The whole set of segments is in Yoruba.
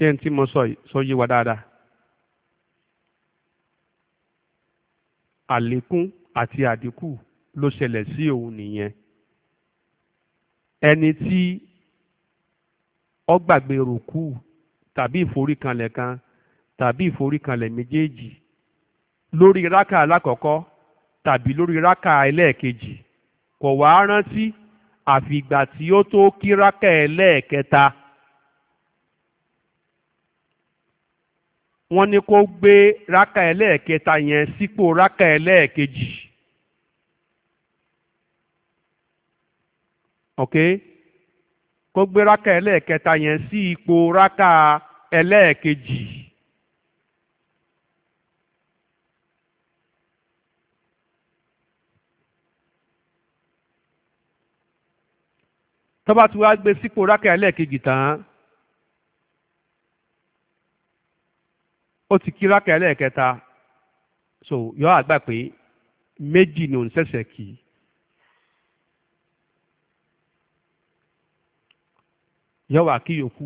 ṣé ẹni tí mo sọ yé wa dáadáa àlékún àti àdínkù ló ṣẹlẹ̀ sí òun nìyẹn ẹni tí ó gbàgbé rùkú tàbí ìforíkanlẹ̀ kan tàbí ìforíkanlẹ̀ méjèèjì lórí rákà alákọ̀ọ́kọ́ tàbí lórí rákà ẹlẹ́ẹ̀kejì kò wá rántí àfìgbà tí ó tó kí rákà ẹlẹ́ẹ̀kẹta. E wọ́n ní kó gbé rákà ẹlẹ́ẹ̀kẹta yẹn sípò rákà ẹlẹ́ẹ̀kejì ok kó gbé rákà ẹlẹ́ẹ̀kẹta yẹn sí ipò rákà ẹlẹ́ẹ̀kejì. tó bá ti wá gbé sípò rákà ẹlẹ́ẹ̀kejì tán ó ti kí rákà ẹlẹ́ẹ̀kẹta so yọ àgbà pé méjì ni òun ṣẹ̀ṣẹ̀ kì í. yọ wà kí yòókù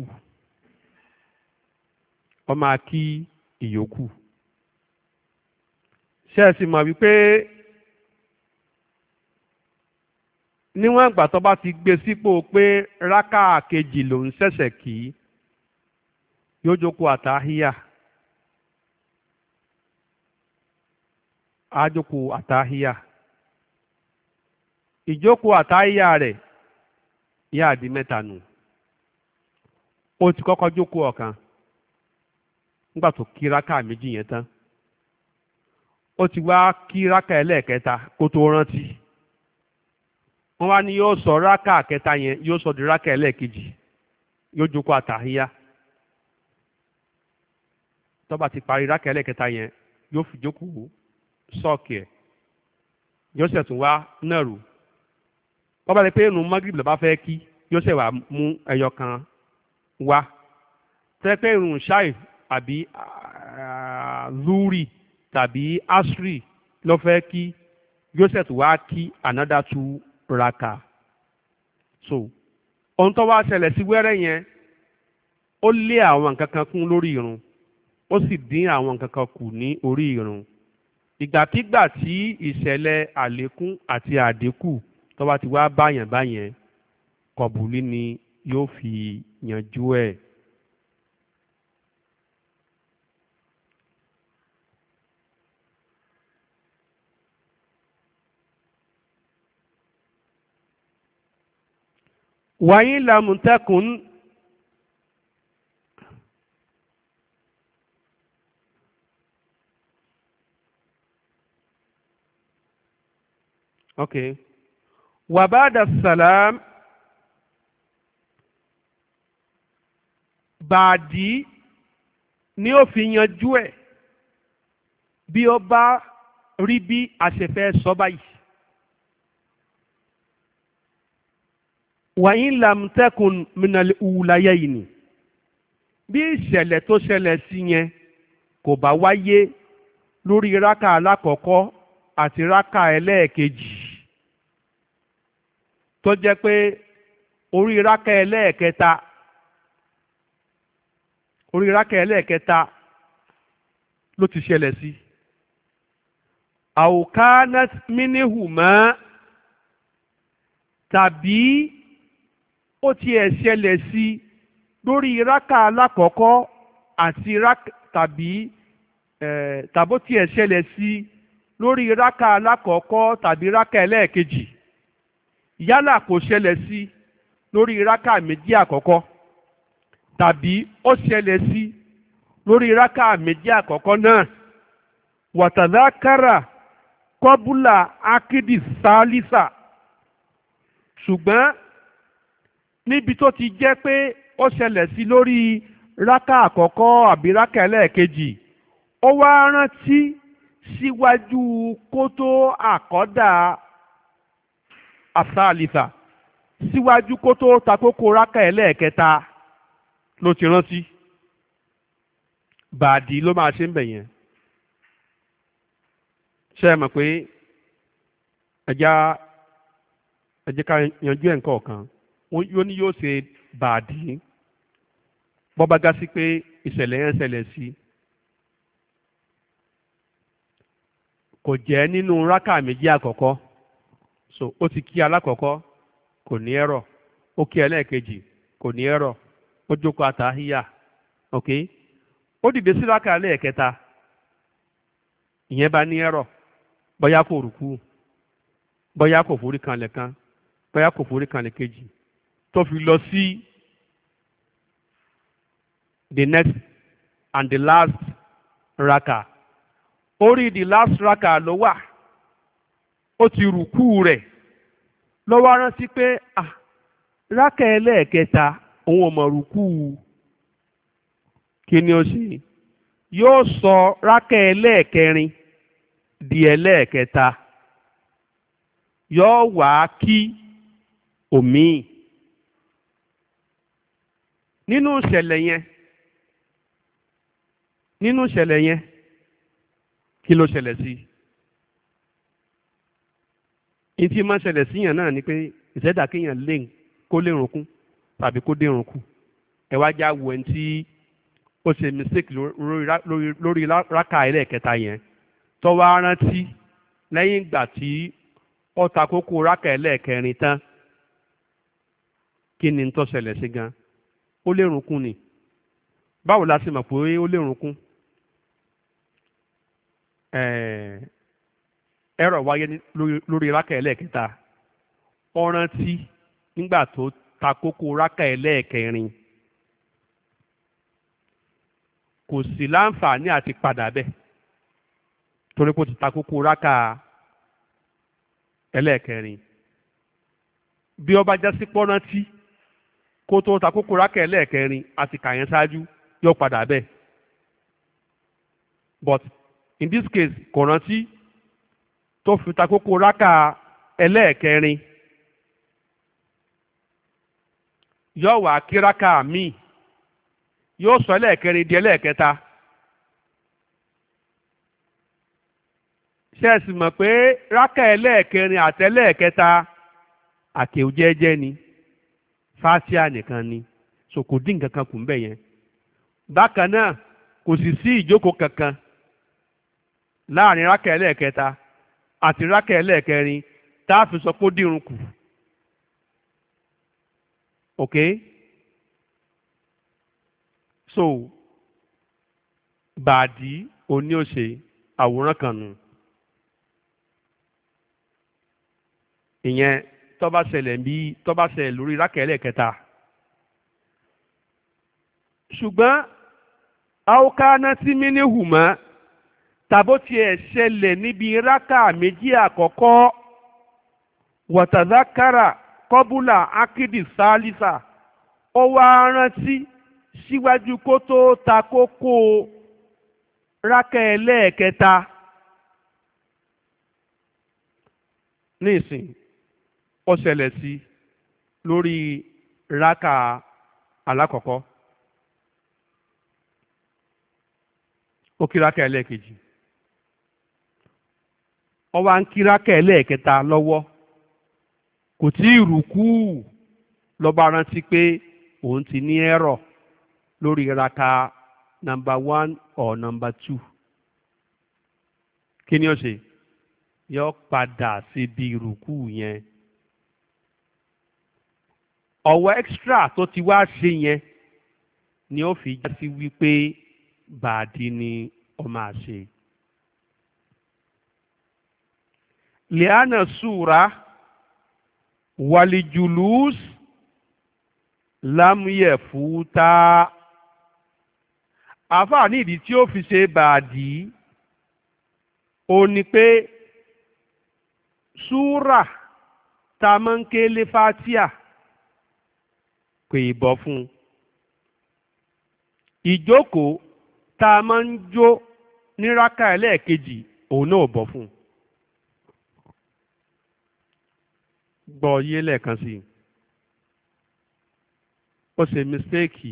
ọ máa kí ìyókù ṣe é mọ̀ wípé níwọ̀n ìgbà tó bá ti gbé sípò pé rákà kejì lòún ṣẹ̀ṣẹ̀ kì í yóò jókòó àtàhíyà. àjòkó àtàhíyà ìjókòó àtàhíyà rẹ̀ yá di mẹ́ta o ti kọ́kọ́ jókòó ọ̀kan nígbà kí yẹn tán o ti gba kí rákà ẹlẹ́ẹ̀kẹta kó tó rántí wọ́n wá ní yóò sọ rákà kẹta yẹn di ti yẹn fi sọ́ọ̀kì ẹ̀ yóò ṣẹ̀ tún wá náà rù bọ́bá rẹ pé inú magrib lọ́ba fẹ́ kí yóò ṣẹ̀ wá mú ẹyọ kan wá tẹ́pẹ́ irun ṣáì àbí lúrì ah, tàbí asri ló fẹ́ kí yóò tún wá kí another two raka so ohun tó wá ṣẹlẹ̀ sí wẹ́rẹ́ yẹn ó lé àwọn nǹkan kan kún lórí irun ó sì dín àwọn nǹkan kan kù ní orí irun ìgbàkígbà tí ìṣẹ̀lẹ̀ àlékún àti àdínkù tó bá ti wá báyàn báyẹn kọ̀bùlí ni yóò fi yanjú ẹ̀. wàyí làmùtẹ́kùn okay wa ba'da salam bàdí ni ó fi yanjú ẹ̀ bí ó bá rí bí àṣefẹ́ sọ báyìí. wàyí làmtẹ́kùn mìnàlùwùláyé yìí ni bí ìṣẹ̀lẹ̀ tó ṣẹlẹ̀ sí yẹn kò bá wáyé lórí rákà alákọ̀ọ́kọ́ àti rákà ẹlẹ́ẹ̀kejì. tó jẹ́ pé orí rákẹ́ ẹlẹ́ẹ̀kẹta orí rákẹ́ ẹlẹ́ẹ̀kẹta ló ti ṣẹlẹ̀ sí àwòkánat tàbí ó tiẹ̀ ṣẹlẹ̀ sí lórí rákà alákọ̀ọ́kọ́ àti rákà tàbí tàbó tiẹ̀ ṣẹlẹ̀ sí lórí rákà alákọ̀ọ́kọ́ tàbí rákà ẹlẹ́ẹ̀kejì. yálà kò ṣẹlẹ̀ sí lórí rákà méjì àkọ́kọ́ tàbí ó ṣẹlẹ̀ sí lórí rákà méjì àkọ́kọ́ náà wàtàdákàrà kọ́búlà akídì sálísà ṣùgbọ́n níbi tó ti jẹ́ pé ó ṣẹlẹ̀ sí lórí rákà àkọ́kọ́ àbí rákà ẹlẹ́ẹ̀kejì ó wá rántí síwájú kó àkọ́dà asálìfà síwájú kó tó takókó rákà ẹlẹ́ẹ̀kẹta ló ti rántí bàdí ló máa ṣe ń bẹ̀ yẹn ṣe é mọ̀ pé ẹja ẹjẹ ká yanjú ẹ̀ nǹkan ọ̀kan yóò ní yóò ṣe bàdí bọ́ba gá sí pé ìṣẹ̀lẹ̀ yẹn ṣẹlẹ̀ sí kò jẹ́ nínú rákà méjì àkọ́kọ́ so ó ti kí alákọ̀ọ́kọ́ kò ní ẹ̀rọ ó kí ẹlẹ́ẹ̀kejì kò ní ẹ̀rọ ó jókòó àtàhíyà ok ó dìde síláka ẹlẹ́ẹ̀kẹta ìyẹn bá ní ẹ̀rọ bóyá kò rùkú bóyá kò forí kanlẹ̀ kan bóyá kò forí kanlẹ̀ kejì tó fi lọ sí the next and the last raka orí the last raka ló wà. ó ti rùkú rẹ̀ lọ́wọ́ rántí pé rákà ẹlẹ́ẹ̀kẹta òun ò mọ̀ rùkú kí ni ó ṣe yóò sọ rákà ẹlẹ́ẹ̀kẹrin di ẹlẹ́ẹ̀kẹta yóò wá kí òmíì nínú ìṣẹ̀lẹ̀ yẹn nínú ìṣẹ̀lẹ̀ yẹn kí ló ṣẹlẹ̀ sí i. ìtì máa ṣẹlẹ̀ síyàn náà ni pé ìṣẹ́dá kéèyàn lé kó lérun kún tàbí kó dérun kù ẹ wá já wo ẹni tí ó ṣe mistake lórí rákà ẹlẹ́ẹ̀kẹta yẹn tó wá rántí lẹ́yìn ìgbà tí ó ta kókó rákà ẹlẹ́ẹ̀kẹrin tán kí ni tó ṣẹlẹ̀ sí gan ó lérun kún ni báwo la ṣe mọ̀ pé ó lérun kún ero wáyé lórí raka ẹlẹ́ẹ̀kẹta ó rántí nígbà tó ta kókó rákà ẹlẹ́ẹ̀kẹrin kò sí láǹfààní àti padà bẹ́ẹ̀ torí kò ti ta kókó rákà ẹlẹ́ẹ̀kẹrin bí ó já sí pọ́nrántí kó tó ta kókó rákà ẹlẹ́ẹ̀kẹrin àti kàyẹn ṣáájú yóò padà bẹ́ẹ̀ but in this case kò rántí tó fi ta kókó rákà ẹlẹ́ẹ̀kẹrin yóò wá kí rákà míì yóò sọ ẹlẹ́ẹ̀kẹrin di ẹlẹ́ẹ̀kẹta ṣé ẹ sì mọ̀ pé rákà ẹlẹ́ẹ̀kẹrin àtẹlẹ́ẹ̀kẹta àkèw ni fásíà nìkan ni so kò dín nǹkan kan kù ń bẹ̀ yẹn bákan náà kò sì sí ìjókòó kankan láàrin rákà ẹlẹ́ẹ̀kẹta àti rákẹ̀ ẹlẹ́ẹ̀kẹrin tá a fi sọ pé ó dìrun kù ok so bàdí òní òṣè àwòrán kan nù ìyẹn tó bá ṣẹlẹ̀ bí tó bá ṣẹlẹ̀ lórí rákẹ̀ ẹlẹ́ẹ̀kẹta ṣùgbọ́n àwòká náà mí ní hùmọ́. tàbó tiẹ̀ ṣẹlẹ̀ níbi rákà méjì àkọ́kọ́ wàtàzákàrà kọ́bùlà akidi sálísà ó wá rántí síwájú kó tó ta kókó rákà ẹlẹ́ẹ̀kẹta nísìn ó ṣẹlẹ̀ sí lórí rákà alákọ̀ọ́kọ́ ó kí rákà ẹlẹ́ẹ̀kejì. ó wá ń kírákẹ̀ lẹ́ẹ̀kẹta lọ́wọ́ kò tí ì rùkú lọ́ba rántí pé òun ti ní ẹ̀rọ lórí raka number one or number two kí ni ó ṣe yọ padà síbi rùkú yẹn ọ̀wọ́ extra tó ti wá ṣe yẹn ni ó fi já sí wípé bàdí ni ó máa ṣe. لأن السورة والجلوس لم يفوتا àfáà ní ìdí tí ó fi ṣe bàdí ó ní pé súrà tá a máa ń fatia kò ì bọ́ fún un ìjókòó tá a máa ń jó òun náà bọ́ fún un. gbọ́ yé lẹ́ẹ̀kan sí ó ṣe mistéèkì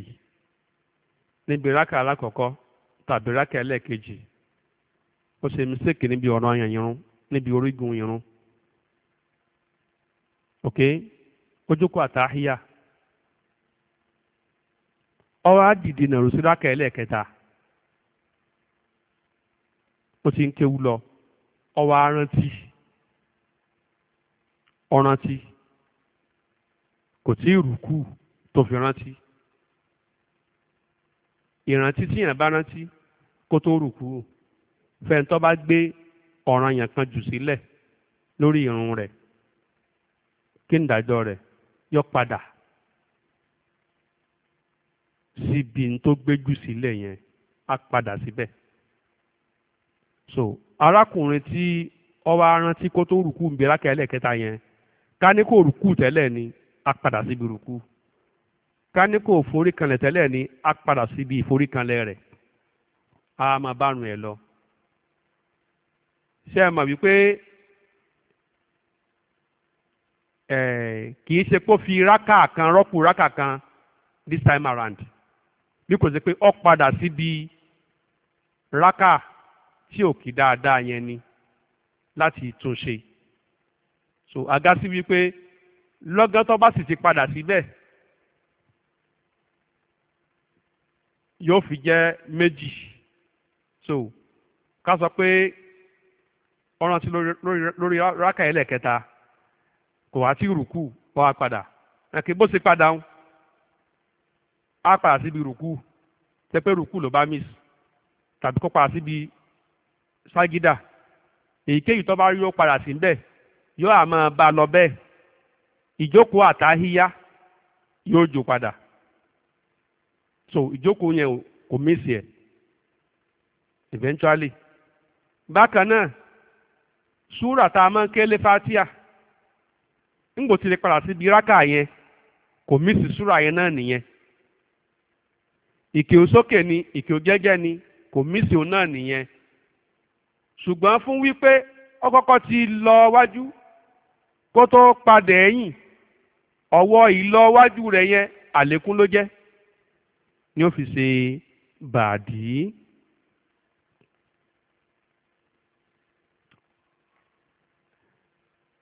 níbi biraka alákọ̀ọ́kọ́ tàbí rákà ẹlẹ́ẹ̀kejì ó ṣe mistéèkì níbi ọ̀ràn yẹnyẹrun níbi orígun irun ok ojúkọ àtàhíyà ọwọ́ àdìdì nàró sí ẹlẹ́ẹ̀kẹta ó ti ń lọ ọwọ́ arántí. ó rántí kò tí ì rùkú tó fi rántí ìrántí tí yẹn bá rántí kó tó rùkú fẹ́ntọ́ bá gbé ọ̀ràn yẹn kan jù sílẹ̀ lórí irun rẹ̀ kí ń dájọ́ rẹ̀ yọ padà síbi tó gbé jù sílẹ̀ yẹn á padà síbẹ̀ so arákùnrin tí ó wá rántí kó tó rùkú ń bi rákẹ́ yẹn ká ní kò rùkú tẹ́lẹ̀ ni a padà síbi rùkú ká ní kò forí kanlẹ̀ tẹ́lẹ̀ ni a padà síbi ìforí kanlẹ̀ rẹ̀ a máa bá rùn ẹ̀ lọ. ṣé ẹ mọ̀ wípé ẹ kì í ṣe pé ó fi rákà kan rọ́pù rákà kan this time around bí kò ṣe pé ó padà síbi rákà tí ò kí dáadáa yẹn ni láti tún ṣe. so aga sí wípé lọ́gán tó bá sì ti padà síbẹ̀ yóò fi jẹ́ méjì so ká sọ pé ọ̀ràn sí lórí rákà ẹlẹ́kẹta kò wá sí rùkú kọ́ wa padà ẹ̀kí bó ṣe padà ń á padà síbi rùkú tẹ́pẹ́ rùkú ló bá miss tàbí kó padà síbi ságídà èyíkéyìí tó bá rí ó padà sí ń bẹ́ẹ̀. yóò àmọ́ bá lọ bẹ́ẹ̀ ìjókòó àtàhíyá yóò jò padà so ìjókòó yẹn kò mísì ẹ̀ eventually bákan náà súrà tá a máa ń fatia ńgbò tí lè padà síbi rákà yẹn kò mísì súrà yẹn náà nìyẹn ìkèwò ni ìkèwò jẹ́jẹ́ ni kò mísì òun náà nìyẹn ṣùgbọ́n fún wípé ọkọ̀ọ̀kọ̀ ti lọ wájú kótó tó padà ẹ̀yìn ọwọ́ ìlọ́wájú rẹ̀ yẹn àlékún ló jẹ́ ni ó fi ṣe bàdí.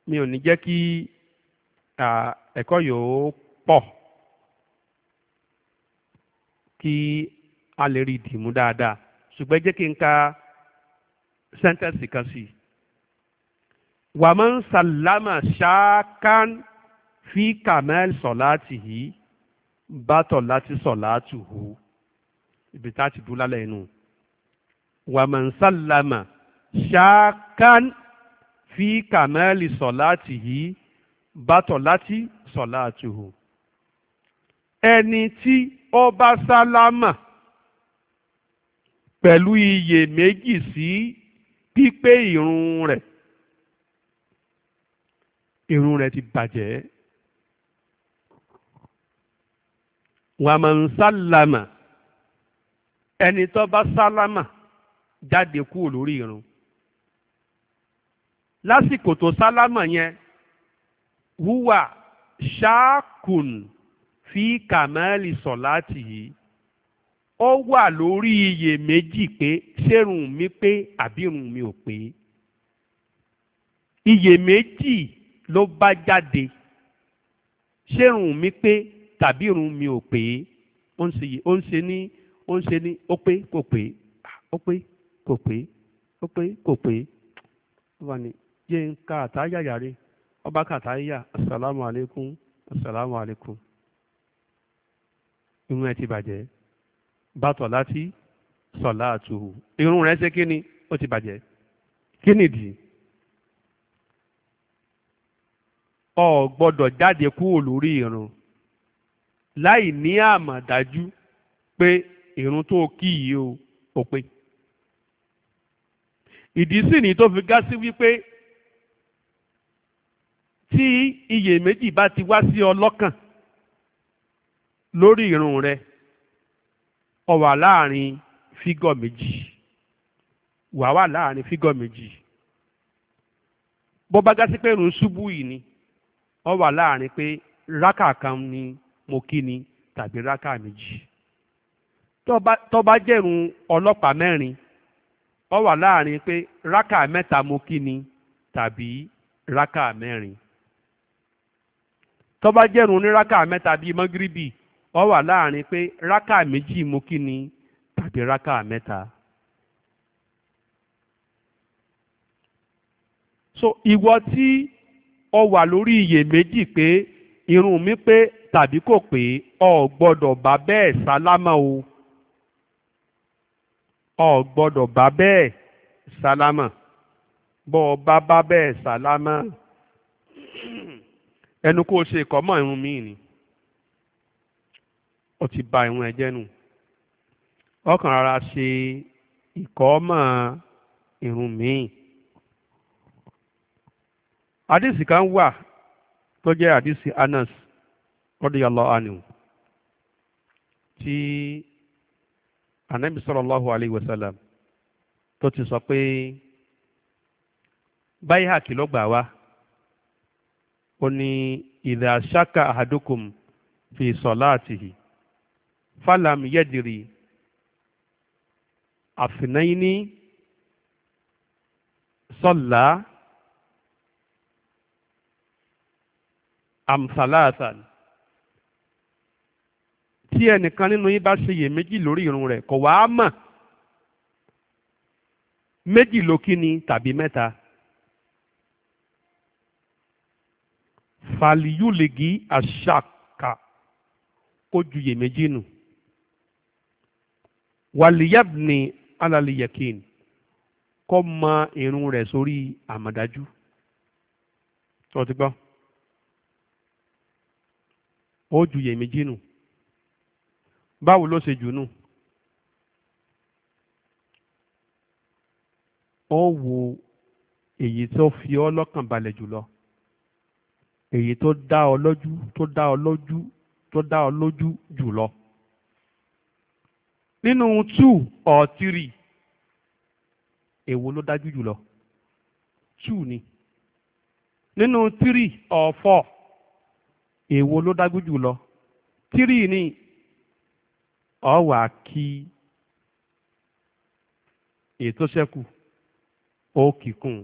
mi ò ní jẹ́ kí ẹ̀kọ́ yòó pọ̀ kí a lè rí ìdìmú dáadáa ṣùgbọ́n jẹ́ kí n ka sẹ́ńtẹ̀sì kan sí i. wàmán sàlámà ṣáàkán fi kàmẹ́l sọ̀láàtì yìí bátọ̀ láti sọ̀láàtì hù ibi tá a ti dúró lálẹ́ inú wàmán sàlámà ṣáàkán fi kàmẹ́l sọ̀láàtì yìí bátọ̀ láti sọ̀láàtì hù ẹni tí ó bá sálámà pẹ̀lú iyèméjì sí pípé ìrun rẹ̀ irun rẹ̀ ti bàjẹ́ wàmọ̀n sálámà ẹni tó bá sálámà jáde kúrò lórí irun lásìkò tó sálámà yẹn wúwà ṣáàkùn fi kàmẹ́lì sọ̀láàtì yìí ó wà lórí iyèméjì pé ṣérun mi pé àbírun mi ò pé iyèméjì ló bá jáde ṣé irun mi pé tàbí irun mi ò pé ó ń ṣe ní ó ń ṣe ní ó pé kò pé ah, ó pé kò pé ó pé kò pé ó wà ní jẹ́ ń ka àtàyà yàrá ọba kàtàyà asalaamu aleykum asalaamu aleykum irun ẹ ti bàjẹ́ bàtọ̀ láti sọ̀lá àtùhù irun rẹ̀ ṣe kí ni ó ti bàjẹ́ kí nìdí ọ gbọ́dọ̀ jáde kúrò lórí irun láì ní àmọ̀dájú pé irun tó kí yìí o ò pé ìdí sì ni tó fi gá sí wípé tí iyèméjì bá ti wá sí ọ lọ́kàn lórí irun rẹ ọ wà láàrin fígọ̀ méjì wà wà láàrin fígọ̀ méjì bó bá gá sí pé irun ṣubú yìí ni Ọ wà láàrin pé rákà kan ni mo kí ni tàbí rákà méjì tó bá ọlọ́pàá mẹ́rin ọ wà láàrin pé rákà mẹ́ta mo kí ni tàbí rákà mẹ́rin tó bá jẹ́rùn onírákà mẹ́ta bíi mọ́gíríbì ọ wà láàrin pé rákà méjì mo kí ni tàbí rákà mẹ́ta. so ìwọ tí ọ wà lórí iyèméjì pé irun mi pé tàbí kò pé ọ gbọ́dọ̀ bá bẹ́ẹ̀ sálámà o ọ gbọ́dọ̀ bá bẹ́ẹ̀ sálámà bọ́ ọ bá bá bẹ́ẹ̀ sálámà ẹnu kó o ṣe ìkọ́mọ̀ irun mi ni ó ti ba irun ẹ nù ọkàn rárá ṣe ìkọ́mọ̀ irun míì àdìsí kan wà tó jẹ́ àdìsí Anas radiyallahu anhu tí anabi sallallahu alayhi wa sallam tó ti sọ pé Bayhaqi ló gbà wá ó ní idha shaka ahadukum fi salatihi falam yadiri afinaini salla amsalatan tí ẹnìkan nínú yín bá ṣe iyèméjì lórí irun rẹ̀ kò wá mọ̀ méjì ló kí ni tàbí mẹ́ta fàlìyúlegi àṣàkà kó ju iyèméjì nù wàlìyàbìnì alàlìyàkìn kó mọ irun rẹ̀ sórí àmọ̀dájú tó gbọ́ ó ju yèméjì nù báwo ló ṣe jù nù ó wo èyí tó fi ọ lọ́kàn balẹ̀ jùlọ èyí tó dá ọ lójú tó dá ọ lójú tó dá ọ lójú jùlọ nínú two or three èwo ló dájú jùlọ two ni nínú three or four. èwo ló jù lọ tírì ní ọ̀wà kí ètò ṣẹ́kù ó kíkún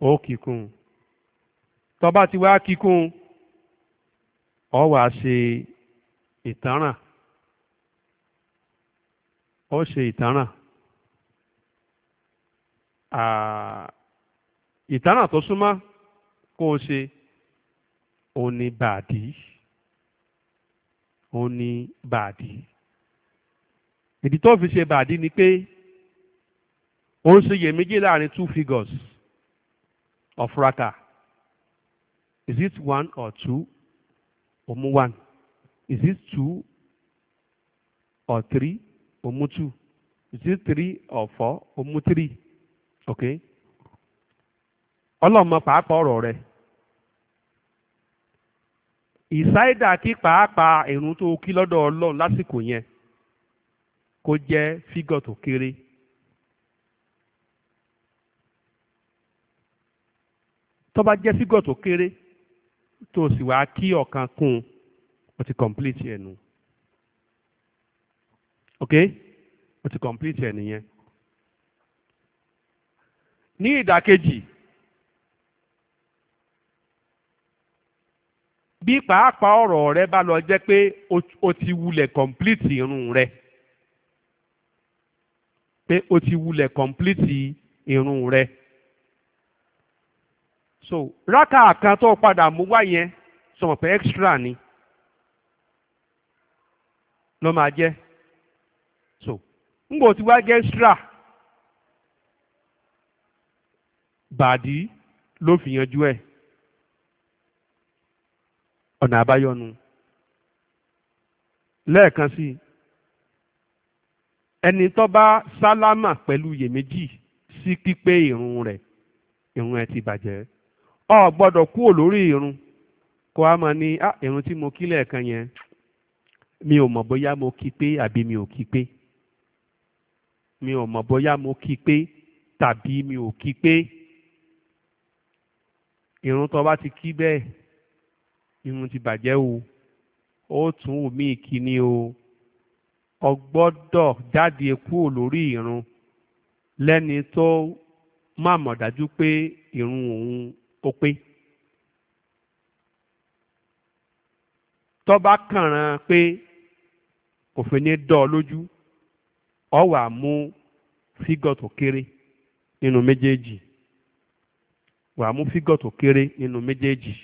ó kíkún tọba ti wá kíkún ọ̀wà ṣe ìtanràn ó ṣe ìtanràn ìtanràn tó súnmọ́ o ṣe. ó ní bàdí ó ní bàdí ìdí tó fi ṣe bàdí ni pé ó ń ṣiyèméjì láàrin two figures of raka is it one or two ó one is it two or three ó two is it three or four ó three okay ọlọ́mọ pàápàá ọ̀rọ̀ rẹ̀ ìsáìdà kí pàápàá ìrun tó kí lọ́dọ̀ ọlọ́run lásìkò yẹn kó jẹ́ fígọ̀ tó kéré. tó bá jẹ́ fígọ̀ tó kéré tó sì wá kí ọ̀kan kún un ó ti complete ẹ̀ ok ó ti complete ẹ̀ nìyẹn. ní ìdàkejì. bí pàápàá ọ̀rọ̀ rẹ bá lọ jẹ́ pé o ti wulẹ̀ kọ̀m̀plìtì irun rẹ pé o ti wulẹ̀ kọ̀m̀plìtì irun rẹ so rákà kan tó padà mú wá yẹn sọmọ extra ni ló máa jẹ́ so n kò ti wá jẹ́ extra bàdí ló fi yanjú ẹ̀ ọ̀nà àbáyọnu lẹ́ẹ̀kan sí ẹni tó bá sálámà pẹ̀lú iyèméjì sí pípé ìrun rẹ̀ ìrun ẹ̀ ti bàjẹ́ ọ gbọ́dọ̀ kúrò lórí ìrun kó a máa ní ah ìrun tí mo kí lẹ́ẹ̀kan yẹn mi ò mọ̀ bóyá mo kí pé àbí mi ò kí pé mi ò mọ̀ bóyá mo kí pé tàbí mi ò kí pé ìrun tó bá ti kí bẹ́ẹ̀ irun ti bàjẹ́ o ó tún wù mí kíní o o gbọ́dọ̀ jáde kúrò lórí irun lẹ́ni tó má mọ̀ dájú pé irun òun ó pé. tọ́ba kànràn pé òfin ní dọ́ ọ lójú ọ wà mú fígọ̀ tó kéré nínú méjèèjì wà mú fígọ̀ tó kéré nínú méjèèjì.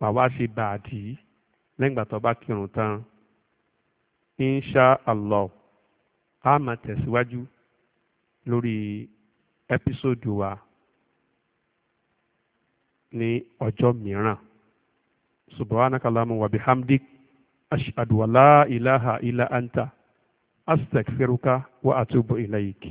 màá wá ṣe bàdí lẹ́gbàá tó bá kírun tán insha allah a máa tẹ̀síwájú lórí ẹ́písòdù wa ní ọjọ́ mìíràn subhanakalamu wa bihamdik ashhadu wa la ilaha illa anta astaghfiruka wa atubu ilayk.